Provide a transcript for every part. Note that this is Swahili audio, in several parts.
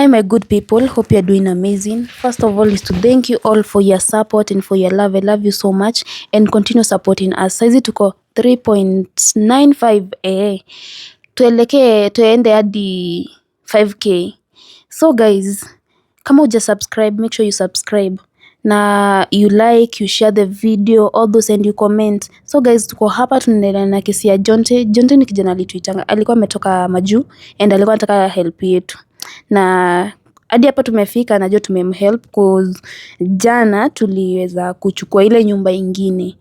Hi, my good people. Hope you're doing amazing. First of all, is to thank you all for your support and for your love. I love you so much and continue supporting us. Saizi tuko 3.95 eh, tuelekee tuende hadi 5k. So guys, kama uja subscribe, make sure you subscribe na you like you share the video all those and you comment. So guys, tuko hapa tunaendelea na kesi ya Jonte. Jonte ni kijana alituitanga, alikuwa ametoka majuu and alikuwa anataka help yetu na hadi hapa tumefika, najua tumemhelp cause jana tuliweza kuchukua ile nyumba ingine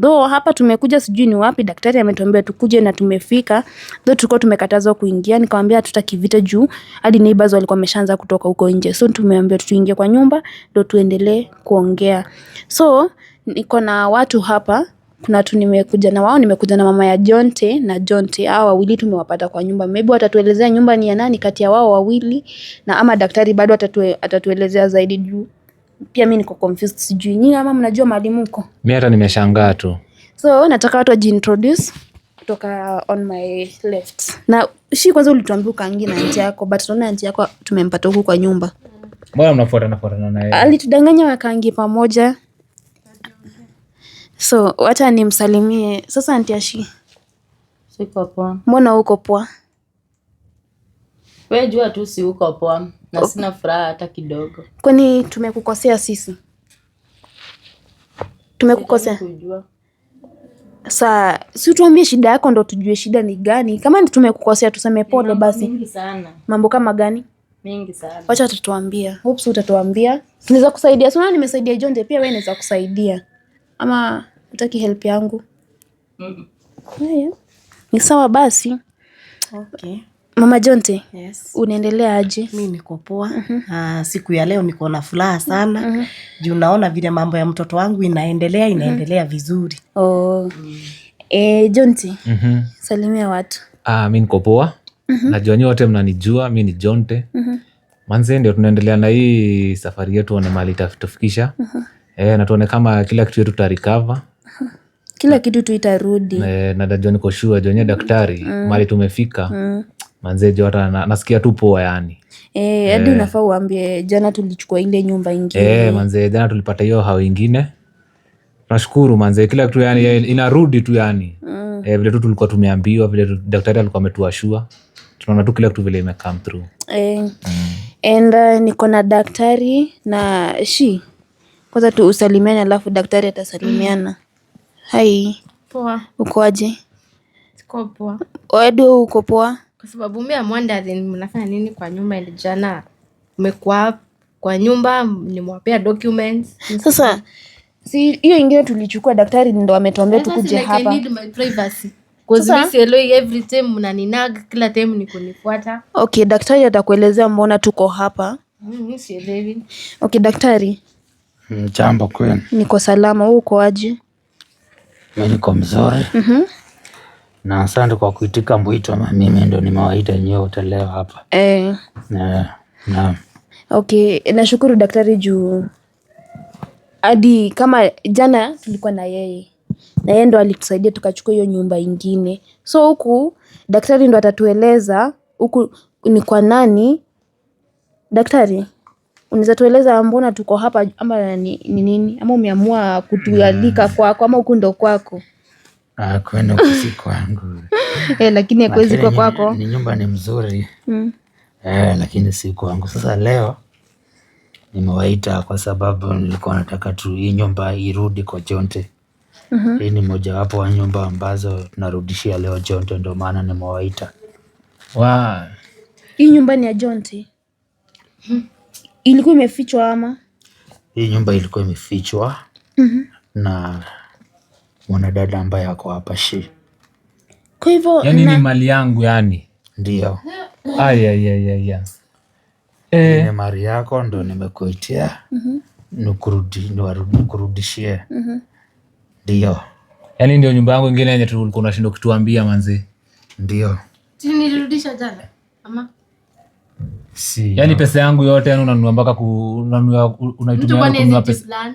Tho hapa tumekuja sijui ni wapi, daktari ametuambia tukuje na tumefika, Tho tulikuwa tumekatazwa kuingia, nikamwambia tutakivita juu hadi neighbors walikuwa wameshaanza kutoka huko nje, so tumeambia tuingie kwa nyumba ndo tuendelee kuongea. So niko na watu hapa kuna watu nimekuja na wao, nimekuja na mama ya Jonte na Jonte. Hao wawili tumewapata kwa nyumba, maybe watatuelezea nyumba ni ya nani kati ya wao wawili, na ama daktari bado atatue, atatuelezea zaidi juu pia mimi niko confused, sijui nyinyi ama mnajua mahali mko. Mimi hata nimeshangaa tu, so nataka watu wajiintroduce kutoka on my left. Na shi kwanza ulituambia ukaangi na anti yako, but tunaona anti yako tumempata huku kwa nyumba. Mbona mnafuatana fuatana naye? Alitudanganya wakaangi pamoja So wacha nimsalimie sasa. ntiashi siko poa. Mbona uko poa? We jua tu si uko poa na oh. Sina furaha hata kidogo. Kwani tumekukosea sisi? Tumekukosea saa, si tuambie shida yako ndo tujue shida ni gani. Kama ni tumekukosea tuseme pole basi. Mingi sana. Mambo kama gani? Mingi sana. Wacha tutuambia, utatuambia tunaweza kusaidia. Sina nimesaidia Jonde, pia we unaweza kusaidia ama utaki help yangu? Mm Ni sawa basi. Okay. Mama Jonte, yes. Unaendelea aje? Mi niko poa. mm -hmm. siku ya leo niko na furaha sana. mm -hmm. Juu naona vile mambo ya mtoto wangu inaendelea mm-hmm. inaendelea mm -hmm. vizuri. oh. mm. E, Jonte, mm -hmm. salimia watu. Ah, mi niko poa. mm -hmm. Najua nyi wote mnanijua mi ni Jonte. mm -hmm. Manze, ndio tunaendelea na hii safari yetu, one mali itatufikisha. mm -hmm. Eh, natuone kama kila kitu yetu tutarecover. Kila kitu tuitarudi itarudi. Eh, na najua niko sure jonye daktari mm. mali mm. tumefika mm. manze jo hata na, nasikia tu poa yani. Eh, hadi eh, unafaa uambie jana tulichukua ile nyumba ingine. Eh, manze jana tulipata hiyo hao ingine. Nashukuru manze kila kitu yani mm. inarudi tu yani. Mm. Eh, vile tu tulikuwa tumeambiwa vile tu, daktari alikuwa ametuashua. Tunaona tu kila kitu vile ime come through. Eh. Mm. And uh, niko na daktari na she kwanza tu usalimiane, alafu daktari atasalimiana. Hai. Poa. Uko aje? Siko poa. Wewe uko poa? Kwa sababu mimi amwanda mnafanya nini kwa nyumba ile jana? Umekuwa kwa nyumba nimwapea documents. Sasa si hiyo ingine tulichukua, daktari ndo ametuambia tukuje hapa. Okay, daktari atakuelezea mbona tuko hapa. Mm, okay, daktari Mjambo kwenu? Niko salama, wewe uko aje? Mimi niko mzuri. mm -hmm. Na asante kwa kuitika mwito, mimi ndo nimewaita nyewe wote leo hapa eh. Na, na. Okay, nashukuru daktari juu hadi kama jana tulikuwa na yeye na yeye ndo alitusaidia tukachukua hiyo nyumba ingine, so huku daktari ndo atatueleza huku ni kwa nani daktari unaweza tueleza mbona tuko hapa ama ni ni nini ama umeamua kutualika ah. kwako ama huku ndo kwako? Ah, kwenda si kwangu. Eh, lakini hakuwezi kwa kwako. Ni nyumba ni mzuri. Mm. Eh, lakini si kwangu. Sasa leo nimewaita kwa sababu nilikuwa nataka tu hii nyumba irudi kwa Jonte. Mm-hmm. Hii ni mojawapo wa nyumba ambazo tunarudishia leo Jonte, ndio maana nimewaita. Wow. Hii nyumba ni ya Jonte. Hmm. Ilikuwa imefichwa ama? Hii nyumba ilikuwa imefichwa mm -hmm. na mwanadada ambaye ako hapa shi Kwa hivyo yani na... ni mali yangu yani. Ndio. Aya ya ya ya. Eh, ni mali yako ndo nimekuitia. Mm nikurudi nikurudishie. Mhm. Mm Ndio. Yaani ndio nyumba yangu ingine yenye tulikuwa tunashindwa kutuambia manzi. Ndio. jana. Ama yani Pesa yangu yote yani unanunua mpaka unaitumia pesa.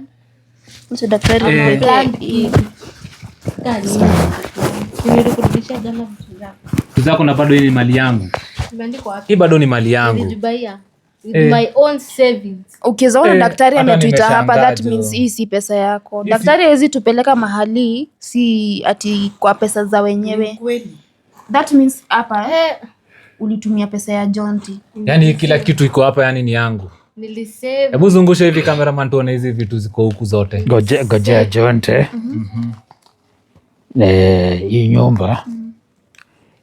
Zako na bado ni mali yangu. Hii bado ni mali yangu. Eh. Ukiweza ona eh, daktari ametuita hapa, that means hii si pesa yako. Daktari awezi tupeleka mahali si ati kwa pesa za wenyewe. That means hapa eh ulitumia pesa ya Jonti. Yani kila kitu iko hapa, yani ni yangu. Hebu zungusha hivi kameraman, tuone hizi vitu ziko huku zote. Goje, gojea Jonte. mm -hmm. Eh, hii nyumba mm -hmm.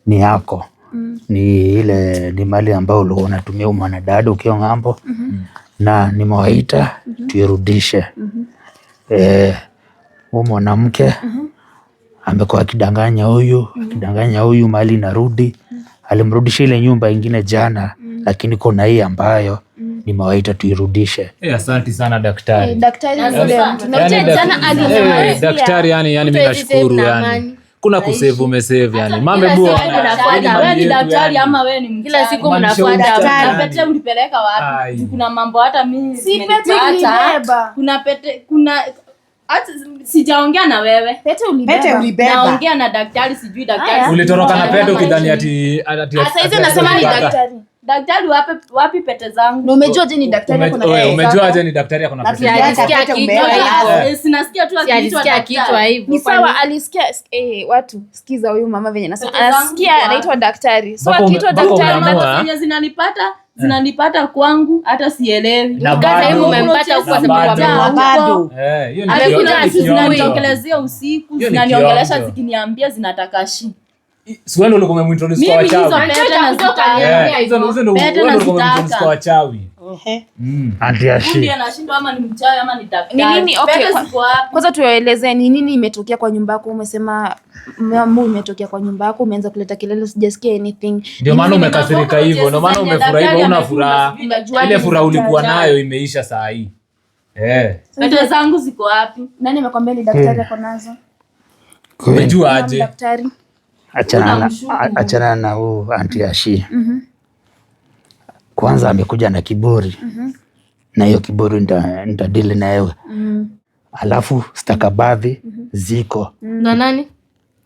ni yako mhm. ni ile ni mali ambayo ulikuwa unatumia mwanadada ukiwa ng'ambo mm -hmm. na nimewaita mm -hmm. tuirudishe mm -hmm. E, mwanamke mm -hmm. amekuwa akidanganya huyu mhm. akidanganya huyu mali narudi mm -hmm alimrudisha ile nyumba ingine jana mm. Lakini kuna hii ambayo mm. nimewaita tuirudishe. Eh, asante sana daktari. Eh, daktari yani, yaani eh, yani mimi nashukuru yani kuna kusevu umesevu yani mambe bua. daktari ama kila siku mnafuata pete, wapi? Kuna mambo hata mimi kuna pete, kuna sijaongea na wewe. Pete ulibeba. Pete ulibeba. Naongea na daktari sijui daktari. Ulitoroka na pete ukidhani ati ati. Ah, sasa hizo nasema ni daktari. Daktari wapi wapi pete zangu? Na umejua je ni daktari yako Umejua je ni daktari na eh. ah, Sinasikia tu Ni sawa alisikia eh, watu sikiza huyu mama venye anasema. Anasikia anaitwa daktari. So akiitwa daktari eh? zinanipata Eh. zinanipata kwangu hata sielewi. Eh, Zinanitokelezea usiku, zinaniongelesha zikiniambia zinataka Eh, mm. Kwanza tuwaeleze ni nini imetokea kwa nyumba yako. Umesema mambo imetokea kwa nyumba yako, umeanza kuleta kelele, sijasikia anything. Ndio maana umekasirika hivyo, ndio maana umefurahi, una furaha. Ile furaha ulikuwa nayo imeisha saa hii. Eh. pete zangu ziko wapi? Nani amekwambia ni daktari hmm. ako nazo? Achana na huu anti Ashi. mm -hmm. Kwanza amekuja na kiburi. mm -hmm. na hiyo kiburi nitadili na ewe mm -hmm. Alafu stakabadhi mm -hmm. ziko na nani?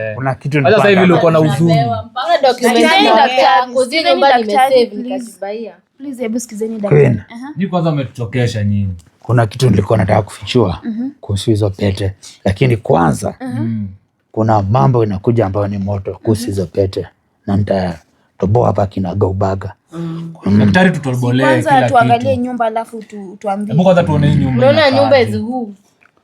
Eh. kuna kitu sasa hivi ulikuwa na huzuni. Kwanza umetutokesha nyinyi, kuna kitu nilikuwa nataka kufichua mhm. kuhusu hizo pete, lakini kwanza mm. kuna mambo inakuja ambayo ni moto kuhusi mhm. hizo pete na nitatoboa hapa kinagaubaga. Mm. Daktari, tutolbolee kila kitu. Kwanza Tuangalie nyumba alafu tuambie. Kwanza tuone nyumba. Unaona nyumba hizi huu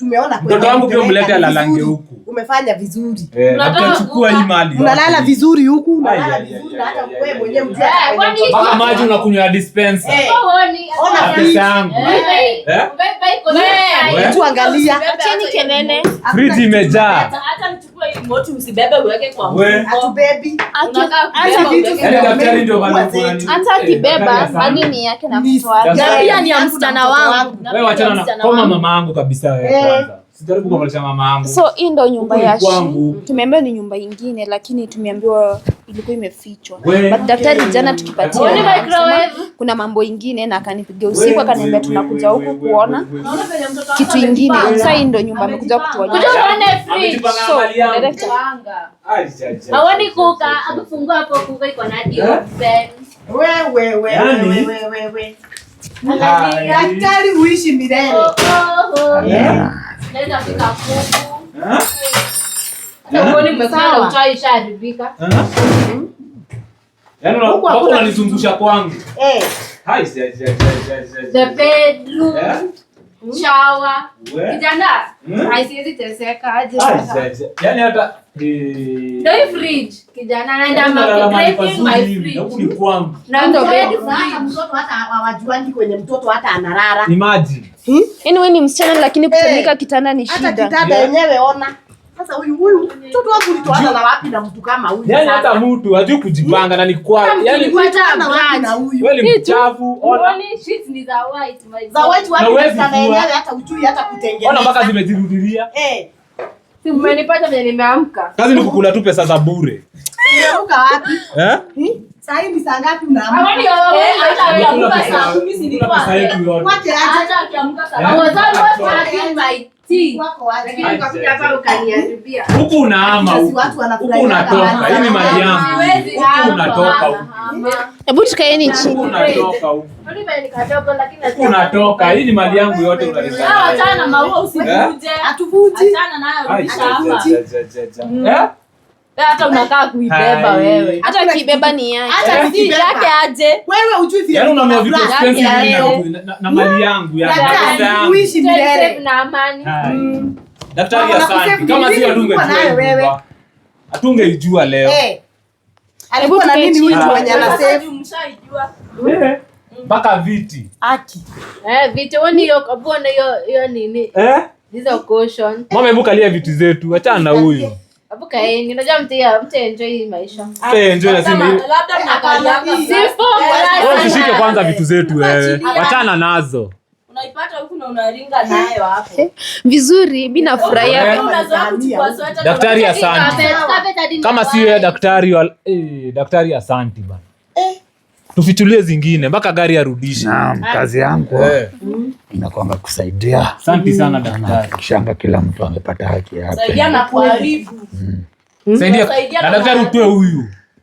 tumeona mtoto wangu pia umlete alalange huku. Umefanya vizuri, tutachukua eh, hii mali. Unalala vizuri huku, unalala vizuri na hata wewe mwenyewe mzee, mpaka eh, maji unakunywa dispenser. Eh, oh, ona ah, pesa yangu tu, angalia acheni kenene, fridge imejaa. Hata mchukue hii moti, usibebe uweke kwa wewe, atubebi acha vitu vile. Yaani daktari ndio hata kibeba bagi ni yake na kutoa, pia ni ya msichana wangu. Wewe achana na kwa mama yangu kabisa wewe mama so hii ndo nyumba ya Shi. Tumeambiwa ni nyumba ingine, lakini tumeambiwa ilikuwa imefichwa. But daktari jana tukipatia kuna mambo ingine, na akanipiga usiku akaniambia tunakuja huku kuona kitu ingine. Sasa hii ndo nyumba amekuja kutuonyesha. Daktari uishi milele. Unanizungusha kwangu. Kijana, siwezi hmm? teseka aje. Yaani hata eh, ndio fridge. Kijana yaani anaenda hawajuangi kwenye mtoto hata analala. Imagine. Hmm? Anyway yaani ni msichana lakini kutumika kitanda ni shida. Hata kitanda yenyewe ona. Sasa huyu huyu mtoto wangu na wapi na mtu kama huyu? Yaani hata mtu hajui kujipanga na ni kwa yaani na huyu. Wewe ni mchafu. Ona. Ni za white. Za white yenyewe hata hata kutengeneza. Ona mpaka zimejirudilia. Eh. Kazi ni kukula tu pesa za bure. Eh? Hm? Huku unaama huku unatoka, hii ni mali yangu. Huku unatoka, hebu tukaeni chini. Huku yaani unatoka, hii ni mali yangu yote unaleta. Eh? Achana na maua usivuje hata unakaa kuibeba wewe, hata ukibeba ni yake, aje wewe, hujui vile na mali yangu ya uishi mbele na amani. Daktari, asante. Kama sio atunge jua, atunge ijua leo. Eh. Alikuwa na nini huyu mwenye anasema mshaijua mpaka viti aki eh, viti woni hiyo kabona hiyo hiyo nini eh, hizo caution mama, hebu kalia viti zetu, achana huyu hapo kaeni, unajua enjoy maisha. Enjoy na simu. Labda kwanza vitu zetu wewe. Eh. Wachana nazo. Eh, vizuri, mi furahia. Daktari asante. Kama si wewe daktari, eh, daktari asante bana tufichulie zingine mpaka gari arudishe. kazi yangu eh. inakwanga kusaidia. Asante sana daktari, kishanga kila mtu amepata haki yake. Saidia na kuharibu, mm. hmm? saidia na daktari, utoe huyu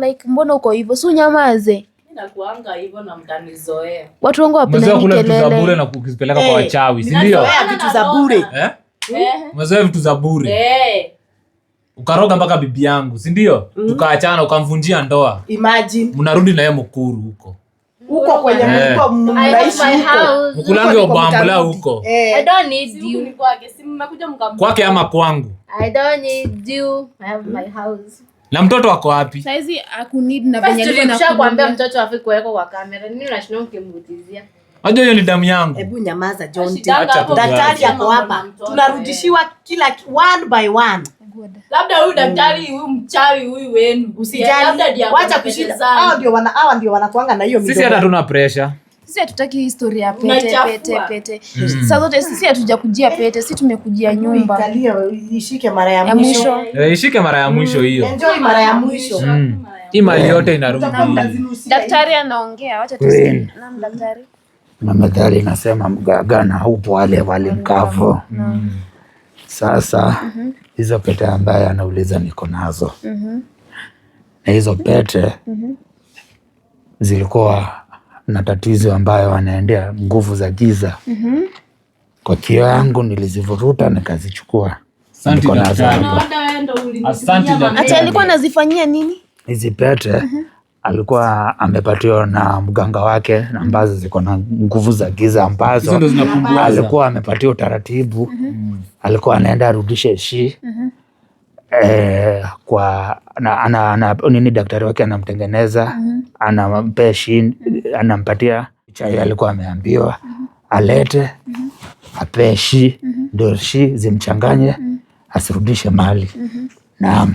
like mbona uko hivyo, si unyamaze Watu wangu wapenda kelele. Eh. Eh? Eh. Vitu za bure na kwa wachawi, si ndio? Vitu za bure. vitu za bure. Ukaroga mpaka bibi yangu, si ndio? Mm. Tukaachana ukamvunjia ndoa. Imagine. Mnarudi naye mukuru mkuru huko. Huko kwenye mnaishi huko. Mkulange obambula huko. Kwake ama kwangu. I don't need you. I have my house na mtoto ako wapi? Saizi hiyo ni damu yangu. nyamaza Daktari ako hapa. Tunarudishiwa kila one by one. Labda huyu daktari huyu mchawi huyu wenu. Usijali. Wacha kushinda. Hao ndio wana, hao ndio wanakuanga na hiyo Sisi hata tuna pressure sisi hatutaki historia ya pete pete pete. Hmm. Sasa zote sisi hatuja kujia eh. pete, sisi tumekujia nyumba. Eh, ishike mara ya mwisho, ishike mara ya mwisho hiyo, enjoy mara ya mwisho. Hmm. Hii mali hmm. yote inarudi. Daktari anaongea, wacha tusikie. Naam daktari. Methali inasema na upo wale wali mkavu. Sasa mhm. hizo pete ambaye anauliza niko nazo mhm. na hizo pete mhm. zilikuwa na tatizo ambayo wanaendea nguvu za giza mm -hmm. Kwa kio yangu nilizivuruta nikazichukua, ati alikuwa anazifanyia nini hizi pete? mm -hmm. Alikuwa amepatiwa na mganga wake ambazo ziko na nguvu za giza ambazo alikuwa amepatiwa utaratibu. mm -hmm. Alikuwa anaenda arudishe shi mm -hmm eh, kwa na, ana, ana, nini daktari wake anamtengeneza mm -hmm. anampea shin anampatia chai mm-hmm. alikuwa ameambiwa mm -hmm. alete mm -hmm. apee shi ndio mm -hmm. shi zimchanganye mm -hmm. asirudishe mali mm -hmm. naam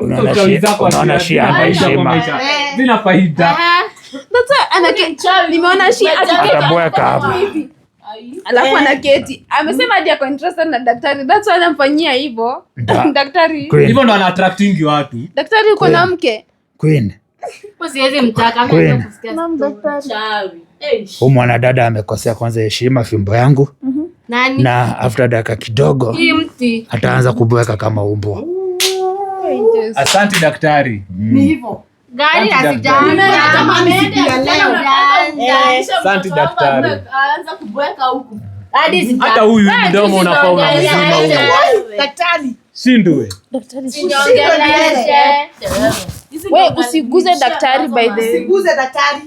unaona alafu anaketi eh. amesema ako interested na daktari, that's anamfanyia ndo watu. Daktari uko na mke eh, eh, mwanadada amekosea kwanza heshima, fimbo yangu mhm. Nani? na after dakika kidogo ataanza kubweka kama umbwa. Asante daktari. Ni mm. hivyo. Gari asijana. Asante daktari. Aanza kubweka huku. Hata huyu mdomo unafaa unamzima huko. Daktari. Shindwe. Daktari. Wewe usiguze daktari by the way. Usiguze daktari.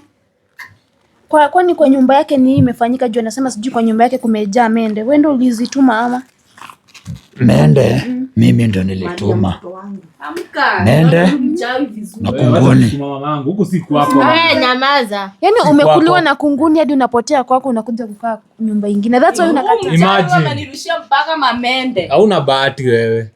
Kwa kwani kwa nyumba yake ni imefanyika jua, anasema sijui kwa nyumba yake kumejaa mende. Wewe ndio ulizituma ama? Mende. Mm mimi ndo nilituma nende na kunguni. Nyamaza! Yani umekuliwa na kunguni hadi unapotea kwako, unakuja kukaa nyumba ingine. That's why Hauna bahati wewe.